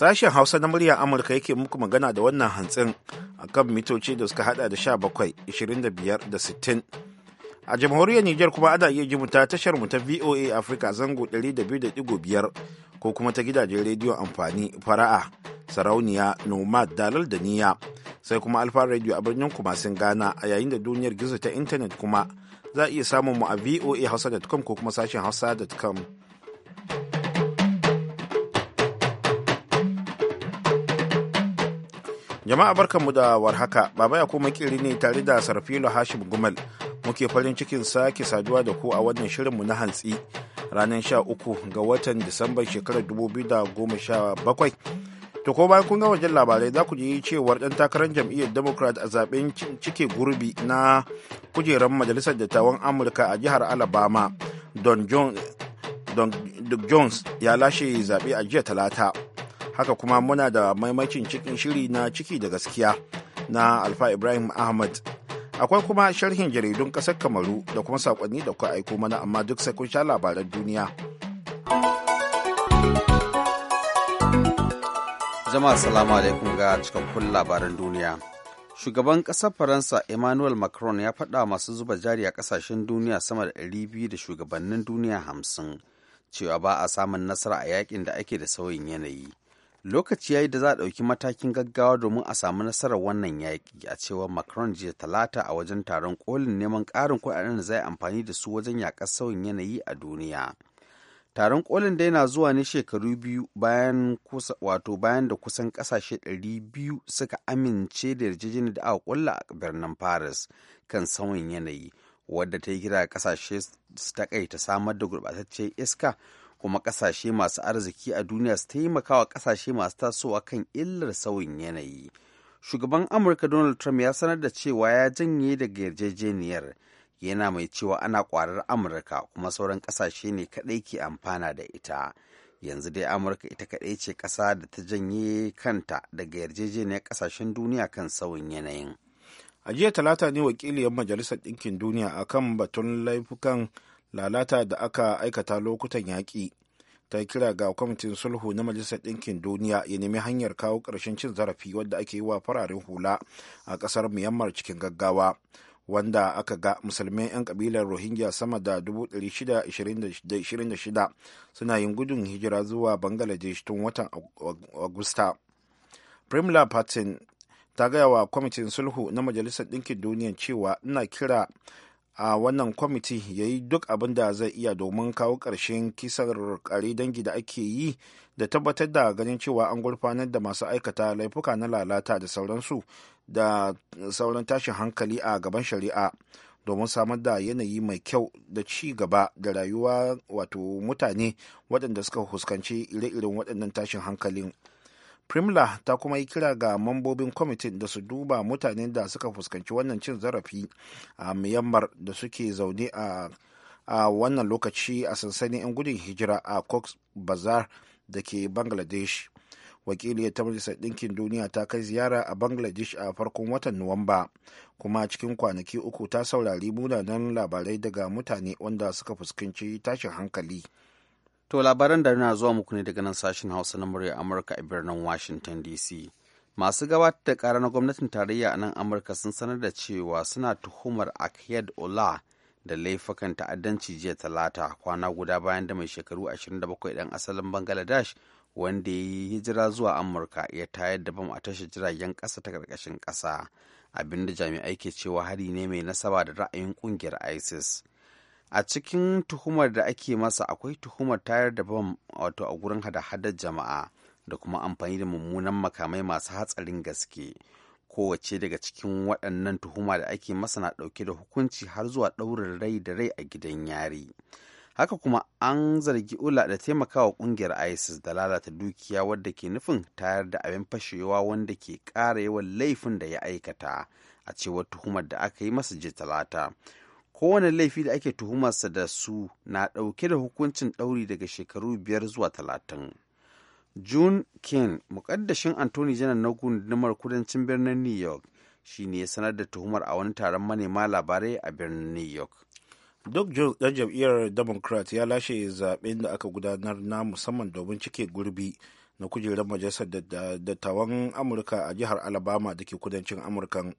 Sashen Hausa na muryar Amurka yake muku magana da wannan hantsin a kan mitoci da suka hada da 17, 25 da 60. A jamhuriyar Nijar kuma ana iya jimu ta tashar mu ta VOA Africa zango 200.5 ko kuma ta gidajen rediyo amfani fara'a, sarauniya, nomad, dalal da niya. Sai kuma Alfa Radio a birnin kuma sun gana a yayin da duniyar gizo ta intanet kuma za a iya samun mu a voa hausa.com ko kuma sashen hausa.com. Jama'a mu da warhaka, Baba ya kuma kiri ne tare da Sarfilo Hashim Gumal. Muke farin cikin sake saduwa da ku a wannan shirin mu na hantsi ranar 13 ga watan Disamban shekarar 2017. To ko bayan kun ga wajen labarai za ku ji cewar ɗan takarar jam'iyyar Democrat a zaben cike gurbi na kujerar Majalisar Dattawan Amurka a jihar Alabama, Don Jones ya lashe zaɓe a jiya talata. haka kuma muna da maimakin cikin shiri na ciki da gaskiya na alfa ibrahim ahmad akwai kuma sharhin jaridun ƙasar kamaru da kuma saƙonni da kuma aiko mana amma duk sai kun sha labaran duniya jama'a salamu alaikum ga cikakkun labaran duniya shugaban ƙasar faransa emmanuel macron ya faɗa masu zuba jari a ƙasashen duniya sama da 200 da shugabannin duniya 50 cewa ba a samun nasara a yakin da ake da sauyin yanayi lokaci yayi da za a ɗauki matakin gaggawa domin a samu nasarar wannan yaƙi a cewa macron jiya talata a wajen taron kolin neman ƙarin kuɗaɗen da za amfani da su wajen yaƙar sauyin yanayi a duniya taron kolin da yana zuwa ne shekaru biyu bayan wato bayan da kusan ƙasashe 200 suka amince da yarjejeniyar da aka kulla a birnin paris kan sauyin yanayi wadda ta yi kira ƙasashe su takaita samar da gurbataccen iska kuma kasashe masu arziki a duniya su taimakawa wa kasashe masu tasowa kan illar sauyin yanayi shugaban amurka donald trump ya sanar da cewa ya janye daga yarjejeniyar yana mai cewa ana kwarar amurka kuma sauran kasashe ne kaɗai ke amfana da ita yanzu dai amurka ita kaɗai ce ƙasa da ta janye kanta daga yarjejeniyar ƙasashen duniya kan sauyin yanayin a jiya talata ne wakiliyar majalisar ɗinkin duniya akan batun laifukan lalata da aka aikata lokutan yaƙi ta kira ga kwamitin sulhu na majalisar ɗinkin duniya ya nemi hanyar kawo ƙarshen cin zarafi wadda ake yi wa fararen hula a ƙasar myanmar cikin gaggawa wanda aka ga musulmai 'yan kabilar rohingya sama da 626 suna yin gudun hijira zuwa bangladesh tun watan agusta primla patin ta gaya wa kwamitin sulhu na majalisar ɗinkin duniya cewa ina kira a wannan kwamiti ya yi duk abin da zai iya domin kawo ƙarshen kisar kare dangi da ake yi da tabbatar da ganin cewa an gurfanar da masu aikata laifuka na lalata da sauransu da sauran tashin hankali a gaban shari'a domin samar da yanayi mai kyau da ci gaba da rayuwa wato mutane waɗanda suka fuskanci ire-iren waɗannan tashin hankalin. primla ta kuma yi kira ga mambobin kwamitin da su duba mutanen da suka fuskanci wannan cin zarafi a myanmar da suke zaune a wannan lokaci a sansanin 'yan gudun hijira a cox bazar da ke bangladesh wakiliyar ta majalisar ɗinkin duniya ta kai ziyara a bangladesh a farkon watan nuwamba kuma cikin kwanaki uku ta saurari munanan labarai daga mutane wanda suka fuskanci tashin hankali To labaran da na zuwa muku ne daga nan sashen Hausa na murya Amurka a birnin Washington DC. Masu gabatar da ƙara na gwamnatin tarayya a nan Amurka sun sanar da cewa suna tuhumar Akyed Ola da laifukan ta'addanci jiya talata kwana guda bayan da mai shekaru 27 ɗan asalin Bangladesh wanda ya yi hijira zuwa Amurka ya tayar da bam a tashar jiragen ƙasa ta ƙarƙashin ƙasa abinda jami'ai ke cewa hari ne mai nasaba da ra'ayin ƙungiyar ISIS. a cikin tuhumar da ake masa akwai tuhumar tayar da bam wato a gurin hada-hadar jama'a da kuma amfani da mummunan makamai masu hatsarin gaske kowace daga cikin waɗannan tuhuma da ake masa na ɗauke da hukunci har zuwa ɗaurin rai da rai a gidan yari haka kuma an zargi ula da taimakawa ƙungiyar isis da lalata dukiya wadda ke nufin tayar da abin fashewa wanda ke ƙara yawan laifin da ya aikata a cewar tuhumar da aka yi masa jiya talata kowane laifi da ake tuhumarsa da su na ɗauke da hukuncin ɗauri daga shekaru biyar zuwa talatin. June Kane, mukaddashin Anthony Janar na gundumar kudancin birnin New York, shi ne ya sanar da tuhumar a wani taron manema labarai a birnin New York. duk ɗan jam'iyyar Democrat ya lashe zaɓen da aka gudanar na musamman domin cike gurbi na kujerar majalisar dattawan Amurka a jihar Alabama da ke kudancin amurka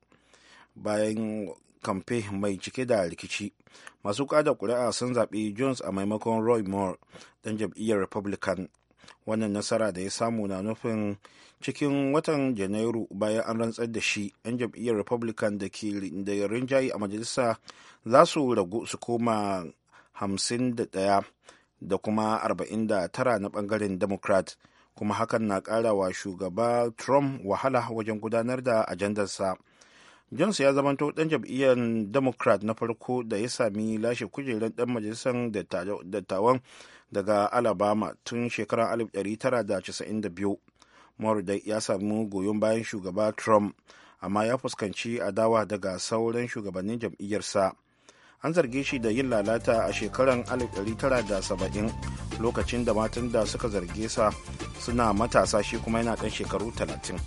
Bayan kamfe mai cike da rikici masu kada kuri'a sun zaɓi jones a maimakon roy moore ɗan jam'iyyar republican wannan nasara da ya samu na nufin cikin watan janairu bayan an rantsar da shi 'yan jam'iyyar republican da ke da rinjaye a majalisa za su ragu su koma 51 da kuma 49 na bangaren democrat kuma hakan na kara wa shugaba trump wahala wajen gudanar da ajandarsa jones ya zamanto dan jam'iyyar democrat na farko da ya sami lashe kujerar dan majalisar dattawan daga alabama tun shekarar 1992 murdoch ya sami goyon bayan shugaba trump amma ya fuskanci adawa daga sauran shugabannin jam'iyyarsa an zarge shi da yin lalata a shekarar 1970 lokacin da matan da suka zarge sa suna matasa shi kuma yana ɗan shekaru 30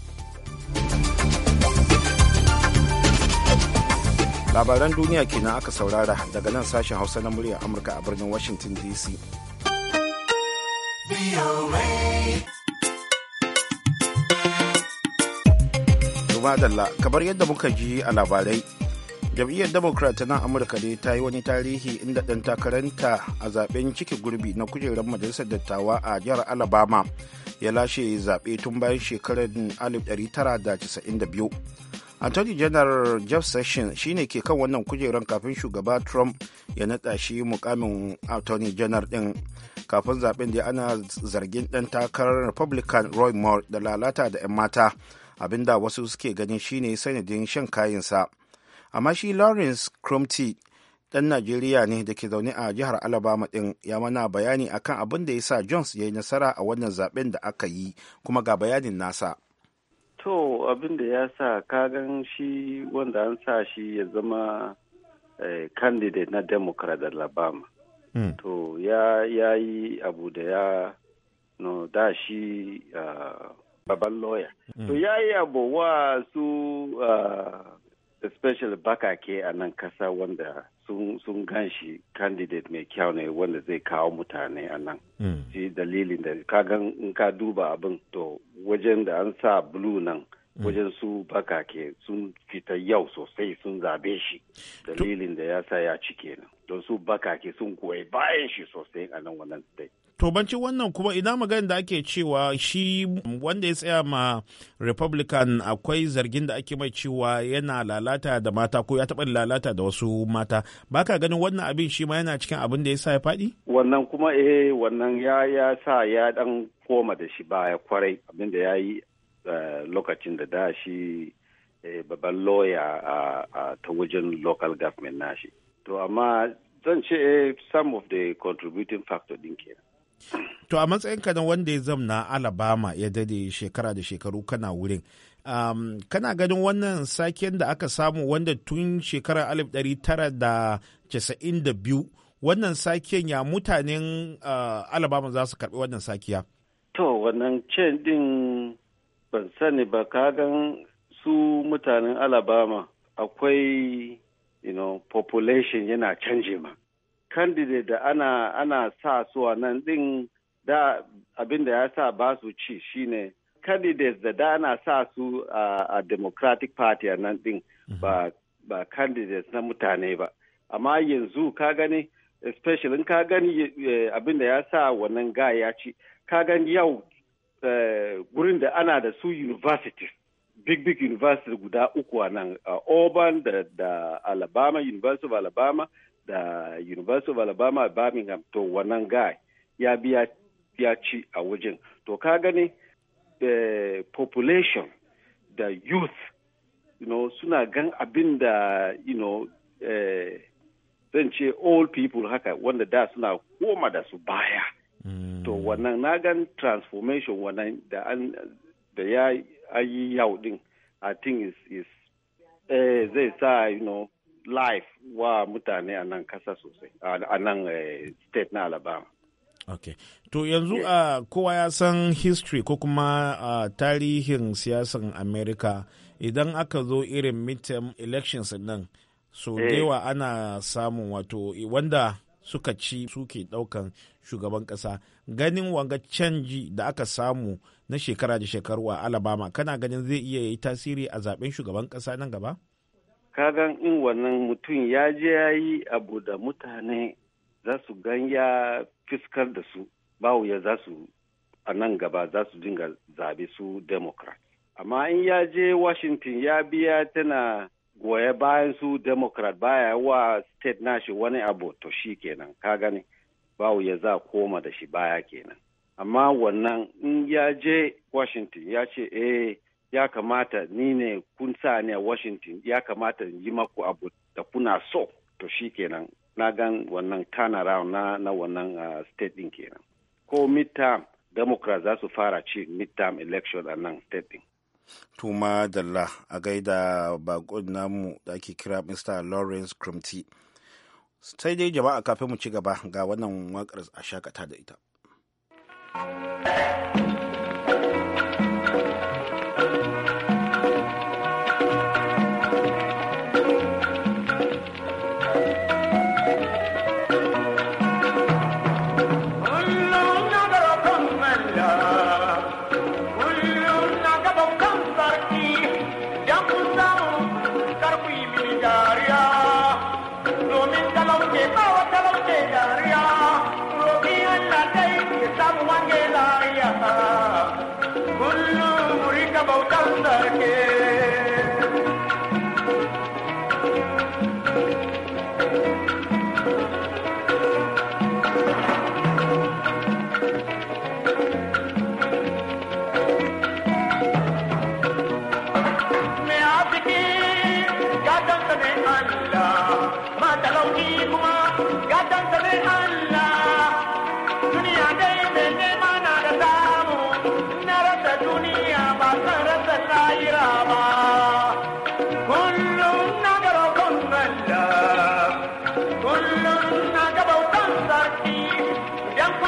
labaran duniya kenan aka saurara daga nan sashen hausa na muryar amurka a birnin washington dc madalla kamar yadda muka ji a labarai jam'iyyar democrat na amurka ne ta yi wani tarihi inda ɗan takaranta a zaben ciki gurbi na kujerar majalisar dattawa a jihar alabama ya lashe zaɓe tun bayan shekarar 1992 Attorney General Jeff Sessions shine ke kan wannan kujeran kafin shugaba Trump ya naɗa shi mukamin Attorney General ɗin. Kafin zaben da ana zargin ɗan takarar Republican Roy Moore da lalata da 'yan mata, abinda wasu suke ganin shine sanadin shan kayansa. Amma shi Lawrence Cromty ɗan Najeriya ne da ke zaune a jihar Alabama ɗin ya mana bayani akan abin da ya sa Jones ya yi nasara a wannan zaben da aka yi kuma ga bayanin nasa. To abin da ya sa kagan shi wanda an sa shi ya zama eh, candidate na Democrat Alabama. Hmm. To ya yi abu da ya no da shi ah, baban lawyer. Hmm. To ya yi abu wa su ah, special especially bakake a nan kasa wanda sun, gan shi candidate mai kyau ne wanda zai kawo mutane a nan. Hmm. Shi dalilin da kagan in ka duba abin to wajen da an sa bulu nan mm. wajen su ke sun fita yau sosai sun zabe shi dalilin da ya sa ya ci kenan don su ke sun goyi bayan shi sosai a nan wannan state To wannan kuma idan magana da ake cewa shi wanda ya tsaya ma Republican akwai zargin da ake mai cewa yana lalata da mata ko ya taɓa lalata da wasu mata. Baka ganin wannan abin shi ma yana cikin abin da ya sa ya faɗi? Wannan kuma eh wannan ya ya sa ya dan koma da shi baya kwarai abin da ya yi eh, lokacin da da shi eh, babban lawyer a ta wajen local government nashi. To amma zan ce eh, some of the contributing factor din kenan. To a matsayin ka na wanda ya zamna Alabama ya dade shekara da shekaru kana wurin. Um, kana ganin wannan saken da aka samu wanda tun shekarar 1992 wannan saken ya mutanen uh, Alabama za su karbi wannan sakiya? To wannan cin din ban sani ba ka gan su mutanen Alabama akwai you know, population yana canji ma. candidate da ana ana sa su a nan din da abin da ya sa ba su ci shine candidates da da ana sa su a democratic party a nan din mhm. ba ba candidates na mutane ba amma yanzu ka gani especially in ka gani eh, abin da ya sa wannan ga ya ci ka gani yau gurin eh, da ana da su universities big big university guda uku a nan uh, auburn da alabama university of alabama da University of Alabama Birmingham to wannan guy ya biya ya ci a wajen to ka gani the eh, population da youth you know, suna gan abin da you know, eh, zan ce old people haka wanda da suna koma da su baya to mm. wannan na gan transformation wannan da an da ya yi yau din i think is, is eh, zai sa you know, life wa mutane a nan kasa sosai a nan eh, state na alabama ok to yanzu a kowa ya san history ko kuma tarihin siyasan america idan aka zo irin midterm elections nan so eh. ana samun wato wanda suka ci suke daukan shugaban kasa ganin wanga canji da aka samu na shekara da shekaru a alabama kana ganin zai iya yi tasiri a zaben shugaban kasa nan gaba kagan in wannan mutum ya je ya yi abu da mutane za su gan ya fiskar da su bawo ya za su a nan gaba za su dinga zabe su democrat amma in ya je washington ya biya tana goya bayan su democrat baya wa state nashi wani abu to shi kenan ka gani bawo ya za koma da shi baya kenan amma wannan in ya je washington ya ce eh ya kamata ni ne kun sa ni a washington ya kamata in yi maku abu da kuna so to shi kenan na gan wannan turnaround na, na wannan uh, state din kenan ko midterm democrat za su fara ci midterm election a nan state din tuma dalla a gaida bakon namu da ake kira mr lawrence crumty sai dai jama'a kafin mu ci gaba ga wannan wakar a shakata da ita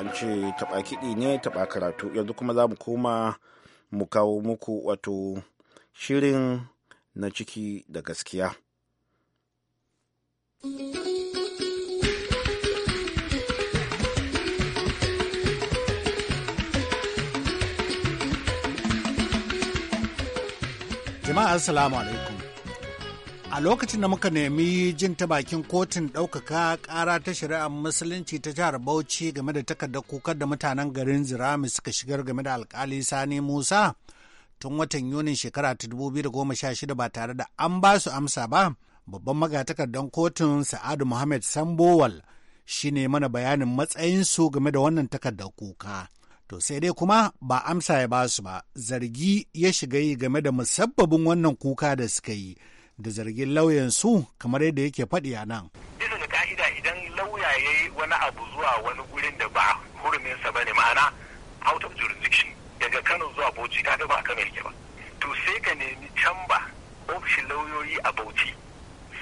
an ce taɓa kiɗi ne taɓa karatu yanzu kuma za mu koma mu kawo muku wato shirin na ciki da gaskiya. Jama'a Assalamu alaikum. a lokacin da muka nemi jin ta bakin kotun ɗaukaka ƙara ta shari'ar musulunci ta jihar bauchi game da takardar kukar da mutanen garin zirami suka shigar game da alkali sani musa tun watan yunin shekara ta 2016 ba tare da an ba su amsa ba babban magatakardar kotun sa'adu muhammad sambowal shi ne mana bayanin matsayinsu game da wannan takardar kuka to sai dai kuma ba amsa ya ba su ba zargi ya shiga yi game da musabbabin wannan kuka da suka yi da zargin lauyansu kamar yadda yake faɗi a nan. Bisa ka'ida idan lauya ya yi wani abu zuwa wani gurin da ba huruminsa ba ne ma'ana out of jurisdiction daga Kano zuwa Bauchi ta ba Kano yake ba. To sai ka nemi camba ofishin lauyoyi a Bauchi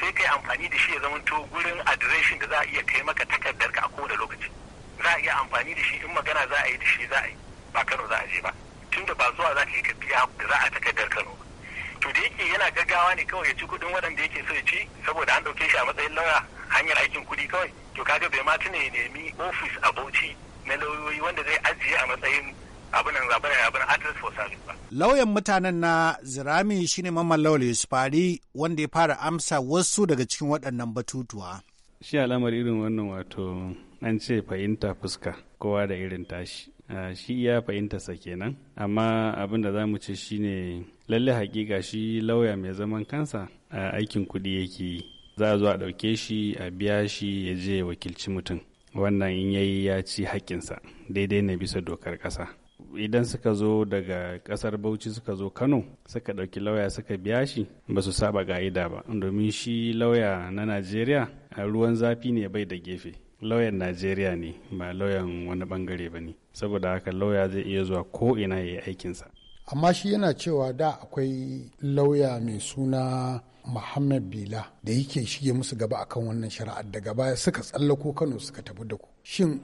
sai ka yi amfani da shi ya zama to gurin adireshin da za a iya kai maka takardar ka a kowane lokaci. Za a iya amfani da shi in magana za a yi da shi za a yi ba Kano za a je ba. Tunda ba zuwa za ka yi ka biya za a takardar Kano ba. to da yake yana gaggawa ne kawai ya ci kuɗin waɗanda yake so ya ci saboda an ɗauke shi a matsayin lauya hanyar aikin kuɗi kawai to kaga bai ma tuna ya nemi ofis a bauchi na lauyoyi wanda zai ajiye a matsayin abinan zaɓen abin address for service ba. Lauyan mutanen na Zirami shine Mamman Lawal Yusufari wanda ya fara amsa wasu daga cikin waɗannan batutuwa. Shi alamar irin wannan wato an ce fahimta fuska kowa da irin tashi. Ah, shi iya fahimtarsa kenan, amma abin da za mu ce shine lalle hakika shi lauya mai zaman kansa a aikin kuɗi yake yi za a zo a ɗauke shi a biya shi ya je ya wakilci mutum wannan in yayi ya ci haƙƙinsa daidai na bisa dokar ƙasa idan suka zo daga ƙasar bauchi suka zo kano suka ɗauki lauya suka biya shi ba su saba ga'ida ba domin shi lauya na najeriya a ruwan zafi ne bai da gefe lauyan najeriya ne ba lauyan wani bangare ba ne saboda haka lauya zai iya zuwa ko ina ya yi aikinsa amma shi yana cewa da akwai lauya mai suna Muhammad Bila da yake shige musu gaba akan wannan shari'ar daga baya suka tsallako Kano suka tafi da ku. Shin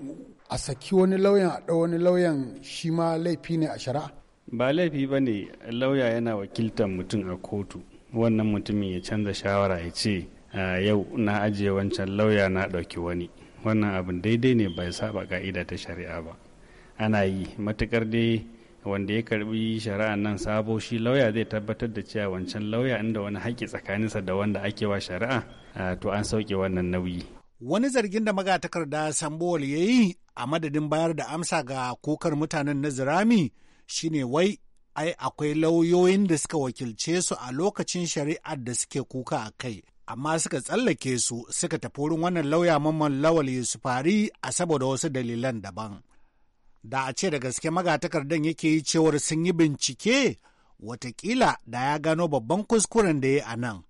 a saki wani lauyan a ɗau wani lauyan shi ma laifi ne a shari'a? Ba laifi ba ne lauya yana wakiltar mutum a kotu. Wannan mutumin ya canza shawara ya ce yau na ajiye wancan lauya na ɗauki wani. Wannan abin daidai ne bai saba ka'ida ta shari'a ba. Ana yi matukar dai wanda ya karbi shari'a nan sabo shi lauya zai tabbatar da cewa wancan lauya inda wani haƙƙi tsakaninsa da wanda ake wa shari'a to an sauke wannan nauyi. Wani zargin da magatakarda Sambol ya yi a madadin bayar da amsa ga kokar mutanen na zirami shine wai ai akwai lauyoyin da suka wakilce su a lokacin shari'ar da suke kuka a kai amma suka tsallake su suka tafi wurin wannan lauya mamman lawal yusufari a saboda wasu dalilan daban. da a ce da gaske magatakardan yake yi cewar sun yi bincike watakila da ya gano babban kuskuren da ya a nan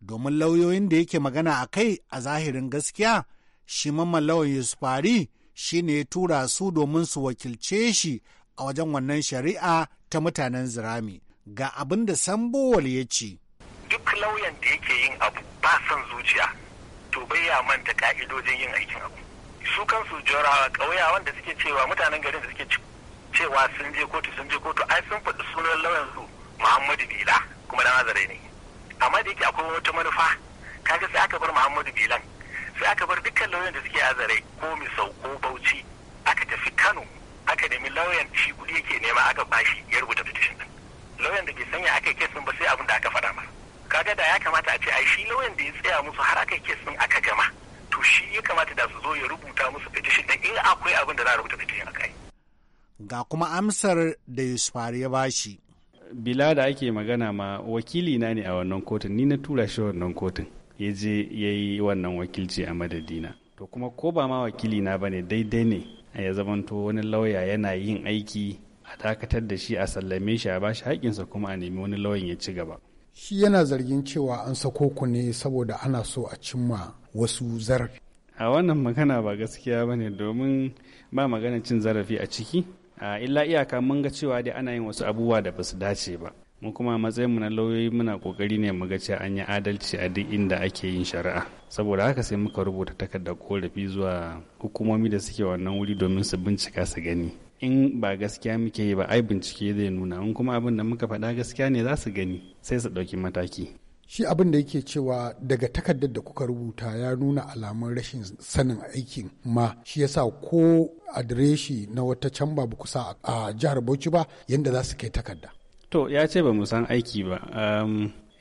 domin lauyoyin da yake magana a kai a zahirin gaskiya shi lawan yusufari shi ne ya tura su domin su wakilce shi a wajen wannan shari'a ta mutanen zirami ga abin da sambowal ya ce duk lauyan da yake yin abu ba son zuciya to bai ya manta ka'idojin yin aikin abu su kansu jorawa kauya wanda suke cewa mutanen garin da suke cewa sun je kotu sun je kotu ai sun faɗi sunan lauyan su Muhammadu Bila kuma da azare ne amma da yake akwai wata manufa kaga sai aka bar Muhammadu Bilan sai aka bar dukkan lauyan da suke azare ko Misau ko Bauchi aka tafi Kano aka nemi lauyan shi kuɗi yake nema aka bashi ya rubuta petition din lauyan da ke sanya aka sun ba sai abin da aka faɗa masa kaga da ya kamata a ce ai shi lauyan da ya tsaya musu har aka sun aka gama to shi ya kamata da su zo ya rubuta musu petition da in akwai abin da za a rubuta petition a kai. Ga kuma amsar da yusuf ya bashi. Bila da ake magana ma wakili na ne a wannan kotun ni na tura shi wannan kotun ya je ya yi wannan wakilci a madadina. To kuma ko ba ma wakili na bane daidai ne ya zamanto wani lauya yana yin aiki a dakatar da shi a sallame shi a bashi haƙinsa kuma a nemi wani lauyan ya ci gaba. shi yana zargin cewa an sako ku ne saboda ana so a cimma wasu zarafi a wannan magana ba gaskiya ba ne domin ba magana cin zarafi a ciki a illa iyaka mun ga cewa dai ana yin wasu abubuwa da ba su dace ba mu kuma matsayin mu na lauyoyi muna kokari ne mu ga cewa an yi adalci a duk inda ake yin shari'a saboda haka sai muka rubuta takardar korafi zuwa hukumomi da suke wannan wuri domin su bincika su gani in ba gaskiya muke yi ba ai bincike zai nuna in kuma abin da muka faɗa gaskiya ne za su gani sai su ɗauki mataki shi abin da yake cewa daga takardar da kuka rubuta ya nuna alamun rashin sanin aikin ma shi yasa ko adireshi na wata can ba kusa a jihar bauchi ba yadda za su kai takarda to ya ce ba mu san aiki ba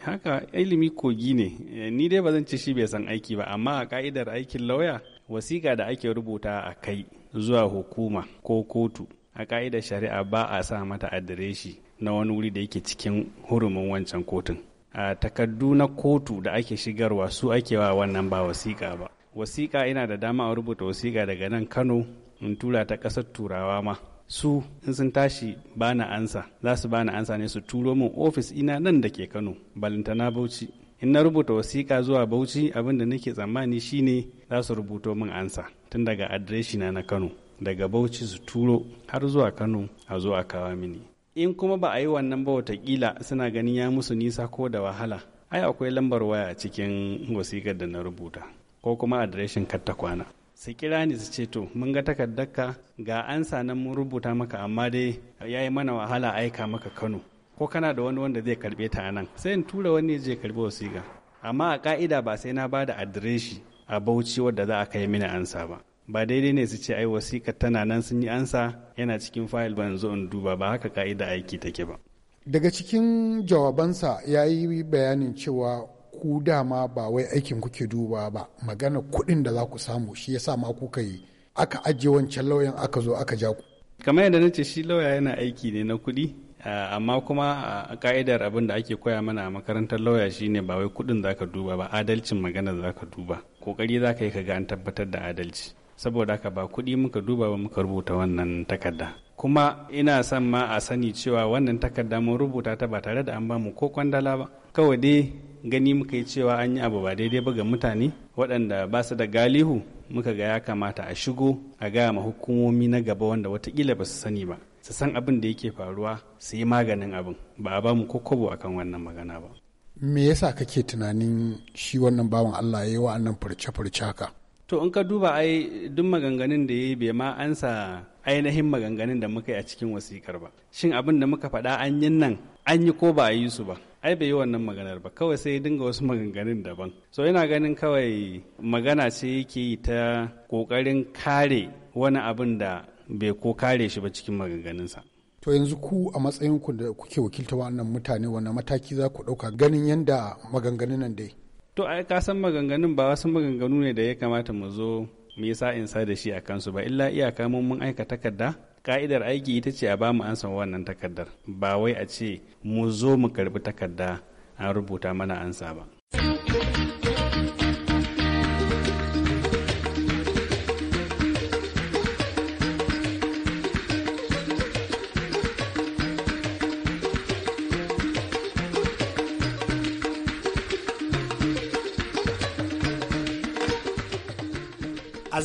haka ilimi kogi ne ni dai ba zan ci shi bai san aiki ba amma a ka'idar aikin lauya wasiƙa da ake rubuta a kai zuwa hukuma ko kotu a ƙa'idar shari'a ba a sa mata adireshi na wani wuri da yake cikin hurumin wancan kotun a takardu na kotu da ake shigarwa su ake wa wannan ba wasiƙa ba wasiƙa ina da dama a rubuta wasiƙa daga nan kano in tura ta ƙasar turawa ma su in sun tashi bana ansa za su bana ansa ne su turo min ofis ina nan da ke kano balintana bauchi in na rubuta wasiƙa zuwa bauchi abin da nake tsammani shine za su rubuto min ansa tun daga adireshina na na kano daga bauchi su turo har zuwa kano a zo a kawo mini in kuma ba a yi wannan ba watakila suna ganin ya musu nisa ko da wahala ai akwai lambar waya a cikin wasiƙar da na rubuta ko kuma adireshin katta kwana su kira ni su ce to mun ga takardarka ga ansa nan mun rubuta maka amma dai ya yi mana wahala aika maka kano ko kana da wani wanda zai karbe ta nan sai in tura wani je karbi wasiƙa amma a ka'ida ba sai na ba da adireshi a bauchi wadda za a kai mini ansa ba ba daidai ne su ce ai wasiƙa tana nan sun yi ansa yana cikin fayil ba yanzu in duba ba haka ka'ida aiki take ba daga cikin jawabansa ya yi bayanin cewa ku dama ba wai aikin kuke duba ba magana kuɗin da za ku samu shi yasa ma kuka yi aka ajiye wancan lauyan aka zo aka ja ku kamar yadda na ce shi lauya yana aiki ne na kuɗi Eh, amma kuma a eh, ka'idar abin da ake koya mana a makarantar lauya shine ba wai kudin ka duba ba adalcin magana zaka duba kokari zaka yi ga an tabbatar da adalci saboda haka ba kudi muka duba ba muka rubuta wannan takarda kuma ina son ma a sani cewa wannan takarda mun rubuta ta ba tare da an bamu ko kwandala ba kawai dai gani muka yi cewa an yi abu ba daidai ba ga mutane waɗanda ba su da galihu muka ga ya kamata a shigo a gaya ma hukumomi na gaba wanda watakila ba su sani ba su san abin da yake faruwa su yi maganin abin ba a ba mu kokobo akan wannan magana ba me yasa kake tunanin shi wannan bawan Allah ya yi wa'annan furce-furce haka to in ka duba ai duk maganganun da ya yi bai ma ansa ainihin maganganun da muka yi a cikin wasikar ba shin abin da muka faɗa an yi nan an yi ko ba a yi su ba ai bai yi wannan maganar ba kawai sai ya dinga wasu maganganun daban so yana ganin kawai magana ce yake yi ta ƙoƙarin kare wani abin da bai ko kare shi ba cikin maganganunsa. To yanzu ku a matsayin ku da kuke wakilta wannan mutane wannan mataki za ku ɗauka ganin yadda maganganun nan dai? To ai ka san maganganun ba wasu maganganu ne da ya kamata mu zo mu yi sa'in sa da shi a kansu ba illa iyaka mun mun aika takarda ka'idar aiki ita ce a ba mu ansa wannan takardar ba wai a ce mu zo mu karbi takarda an rubuta mana ansa ba.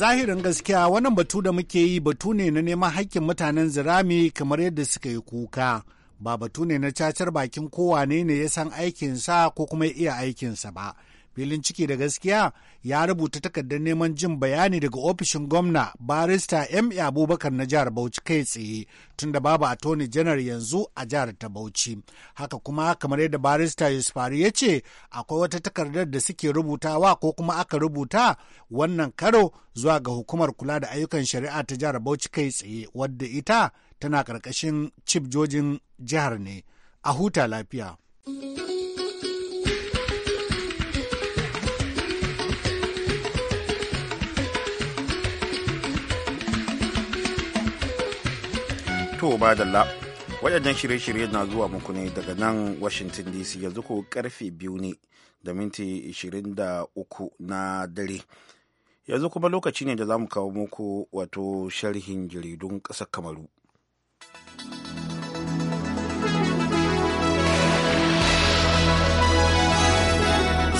zahirin gaskiya wannan batu da muke yi batu ne na neman haƙƙin mutanen zirami kamar yadda suka yi kuka. Ba batu ne na cacar bakin kowane ne ya san aikinsa ko kuma iya aikinsa ba. filin ciki da gaskiya ya rubuta takardar neman jin bayani daga ofishin gwamna barista m abubakar na jihar bauchi kai tsaye tunda babu attorney janar yanzu a jihar ta bauchi haka kuma kamar yadda barista yusufari ya ce akwai wata takardar da suke rubutawa ko kuma aka rubuta wannan karo zuwa ga hukumar kula da ayyukan shari'a ta jihar bauchi kai tsaye wadda ita tana karkashin cibjojin jihar ne a huta lafiya. to madalla waɗannan shirye-shirye na zuwa muku ne daga nan washington dc yanzu ko karfe biyu ne da minti 23 na dare yanzu kuma lokaci ne da za mu kawo muku wato sharhin jaridun ƙasar kamaru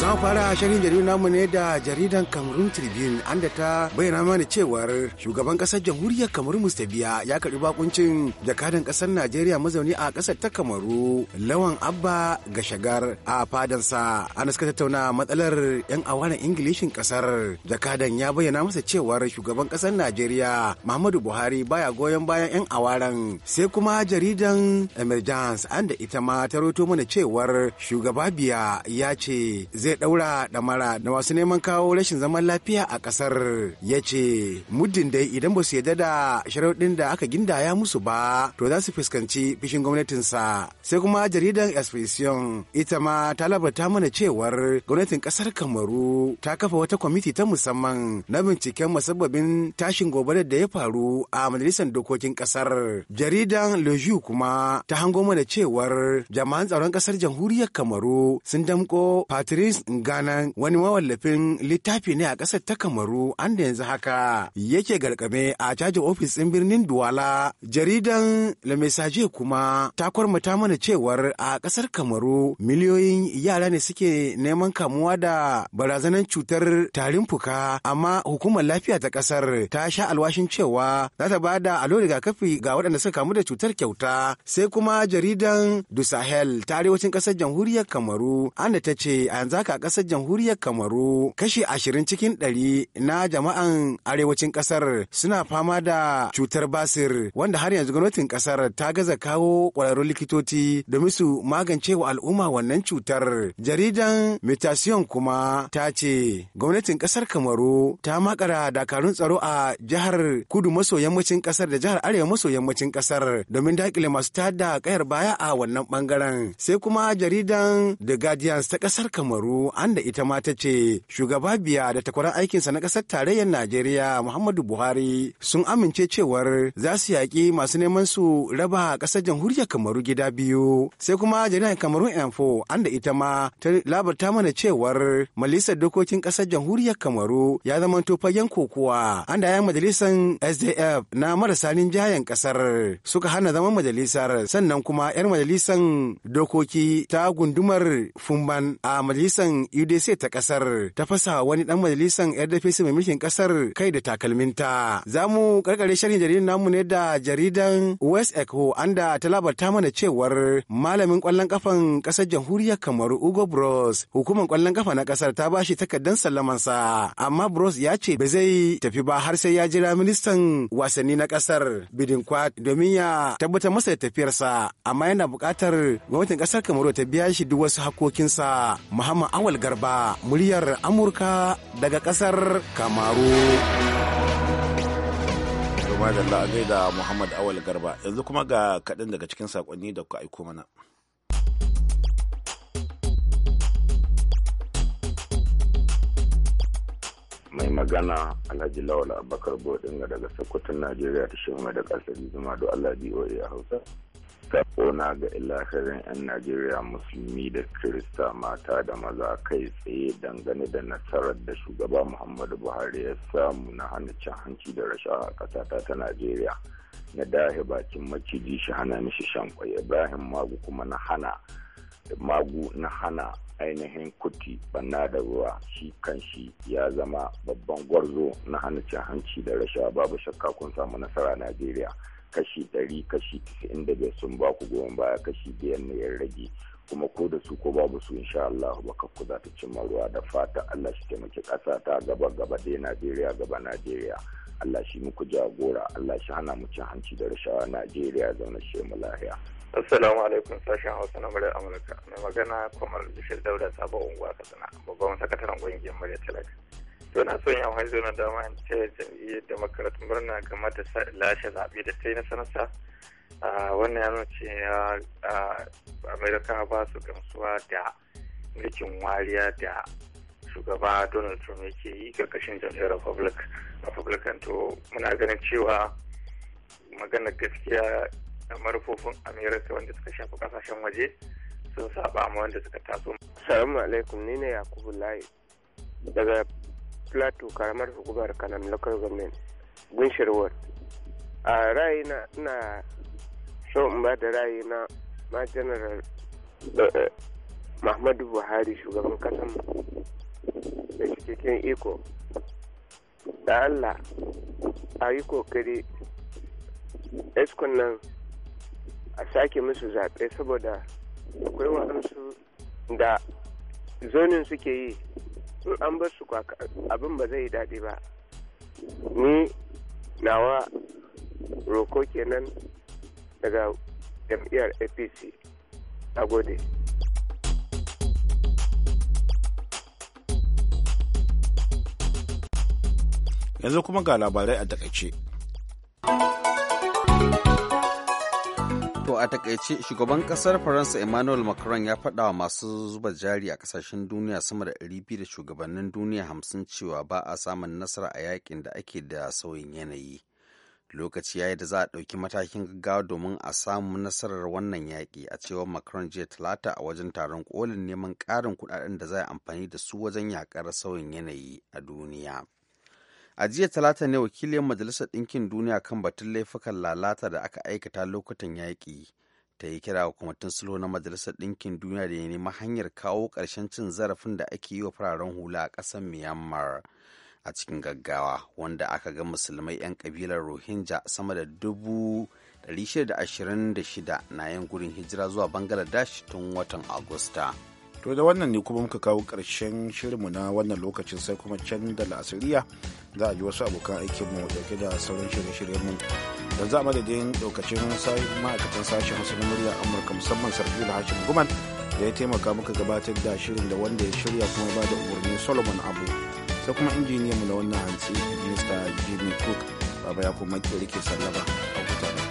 Za fara shirin jaridar namu ne da jaridan Cameroon Tribune an da ta bayyana mana cewar shugaban kasar jamhuriyar Cameroon Mr. Biya ya karbi bakuncin jakadan kasar Najeriya mazauni a kasar ta Kamaru Lawan Abba Gashagar a fadansa. An suka tattauna matsalar 'yan awana Ingilishin kasar. Jakadan ya bayyana masa cewar shugaban kasar Najeriya Muhammadu Buhari baya goyon bayan 'yan awaran. Sai kuma jaridan Emergence an da ita ma ta roto mana cewar shugaba Biya ya ce zai zai daura damara da masu neman kawo rashin zaman lafiya a kasar ya ce muddin dai idan ba su yarda da sharaɗin da aka gindaya musu ba to za su fuskanci fishin gwamnatinsa sai kuma jaridar expression ita ma ta labarta mana cewar gwamnatin kasar kamaru ta kafa wata kwamiti ta musamman na binciken musabbabin tashin gobarar da ya faru a majalisar dokokin kasar jaridan leju kuma ta hango mana cewar jama'an tsaron kasar jamhuriyar kamaru sun damko patrice Ghana wani mawallafin littafi ne a ƙasar ta Kamaru an da yanzu haka yake garkame a cajin ofis ɗin birnin Duwala. Jaridan Le Message kuma ta kwarmata mana cewar a ƙasar Kamaru miliyoyin yara ne suke neman kamuwa da barazanar cutar tarin fuka amma hukumar lafiya ta ƙasar ta sha alwashin cewa za ta ba da allo rigakafi ga waɗanda suka kamu da cutar kyauta sai kuma jaridan Du Sahel ta arewacin ƙasar jamhuriyar Kamaru an da ta ce a yanzu haka A ƙasar jamhuriyar kamaru kashi ashirin cikin ɗari na jama'an arewacin ƙasar suna fama da cutar basir wanda har yanzu gwamnatin ƙasar ta gaza kawo ƙwararrun likitoci domin su magance wa al'umma wannan cutar jaridan mutation kuma ta ce gwamnatin ƙasar kamaru ta makara dakarun tsaro a jihar kudu maso yammacin ƙasar da jihar arewa maso yammacin ƙasar domin daƙile masu tada kayar baya a wannan ɓangaren sai kuma jaridan the guardians ta ƙasar kamaru an anda ita ma ta ce shugaba biya da takwarar aikinsa na ƙasar tarayyar Najeriya Muhammadu Buhari sun amince cewar za su yaƙi masu neman su raba ƙasar jamhuriyar Kamaru gida biyu. Sai kuma jaridar Kamaru an anda ita ma ta labarta mana cewar majalisar dokokin ƙasar jamhuriyar Kamaru ya zama fagen kokowa anda ya majalisar SDF na marasa jayen ƙasar suka hana zaman majalisar sannan kuma 'yar majalisar dokoki ta gundumar Fumban a majalisar gwamnatin UDC ta kasar ta fasa wani dan majalisar RDPC mai mulkin kasar kai da takalminta. Za mu karkare sharhin jaridan namu ne da jaridan West Echo anda ta labarta mana cewar malamin kwallon kafan kasar jamhuriyar Kamaru Ugo Bros hukumar kwallon kafa na kasar ta bashi takardar sallamansa amma Bros ya ce ba zai tafi ba har sai ya jira ministan wasanni na kasar Bidinkwat domin ya tabbatar masa da tafiyarsa amma yana buƙatar gwamnatin kasar Kamaru ta biya shi duk wasu hakokinsa Muhammad Awal Garba, muryar Amurka daga ƙasar Kamaru. da muhammad awal garba yanzu kuma ga kaɗan daga cikin sakonni da ku aiko mana mai magana alhaji lawal Abubakar Bodin daga sokoto najeriya ta shi da ƙasar zuma do allah boa hausa sakona ga ilahirin 'yan najeriya musulmi da kirista mata da maza kai tsaye dangane da nasarar da shugaba muhammadu buhari ya samu na hana cin hanci da rashawa a ƙasata ta najeriya na dahi bakin maciji shi hana mishi shan kwai ibrahim magu kuma na hana magu na hana ainihin kuti banna da ruwa shi kan shi ya zama babban gwarzo na hana cin hanci da rashawa babu shakka kun samu nasara najeriya kashi ɗari kashi tisa'in da biyar sun ba ku goma baya kashi biyar na yan rage kuma ko da su ko babu su insha Allah baka ku za ta cimma ruwa da fata Allah shi taimaki ƙasa ta gaba gaba dai Najeriya gaba Najeriya Allah shi muku jagora Allah shi hana mu cin hanci da rashawa Najeriya zaune shi mu lahiya Assalamu alaikum sashen Hausa na muryar Amurka mai magana Kwamar Bishir daura sabon Unguwa Katsina babban sakataren ƙungiyar muryar Talaka suna son yi amfani na wannan dama in ce jam'iyyar demokrat murna game da lashe zaɓe da ta yi na sanata wannan ya nuna cewa amerika ba su gamsuwa da mulkin wariya da shugaba donald trump yake yi karkashin jam'iyyar republican to muna ganin cewa magana gaskiya marufofin amerika wanda suka shafi kasashen waje sun saba ma wanda suka taso. salamu alaikum ni ne yakubu layi daga plateau karamar hukumar kanan local government gunshir ward a ra'ayina na ina so in ba da ra'ayi na ma general eh, mahmadu buhari shugaban kasan da cikin iko da allah a yi kokari eskun nan a sake musu zaɓe saboda akwai waɗansu da zonin suke yi in an bar su abin ba zai daɗi ba ni nawa roko kenan daga jam'iyyar apc a gode yanzu kuma ga labarai a takaice a takaice shugaban kasar faransa emmanuel macron ya faɗa wa masu zuba jari a kasashen duniya sama da 200 da shugabannin duniya hamsin cewa ba a samun nasara a yakin da ake da sauyin yanayi lokaci yayi da za a ɗauki matakin gaggawa domin a samu nasarar wannan yaƙi a cewar macron jiya talata a wajen taron kolin neman ƙarin kuɗaɗen da za a amfani da su wajen yaƙar sauyin yanayi a duniya. a jiya talata ne wakilin majalisar ɗinkin duniya kan batun laifukan lalata da aka aikata lokutan yaƙi ta yi kira kwamitin sulhu na majalisar ɗinkin duniya da ya nemi hanyar kawo ƙarshen cin zarafin da ake yi wa fararen hula a ƙasar myanmar a cikin gaggawa wanda aka ga musulmai 'yan kabilar rohingya sama da dubu 626 na yan gurin hijira zuwa bangaladesh tun watan agusta. to da wannan ne kuma muka kawo ƙarshen shirinmu na wannan lokacin sai kuma can da la'asiriya za a ji wasu abokan aikinmu dauke da sauran shirye-shiryenmu da za a madadin daukacin ma'aikatan sashen wasu na muryar amurka musamman da hashim guman da ya taimaka muka gabatar da shirin da wanda ya shirya kuma ba da umarni solomon abu sai kuma injiniyanmu na wannan hantsi mr jimmy cook baba ya kuma ke sallaba a mutane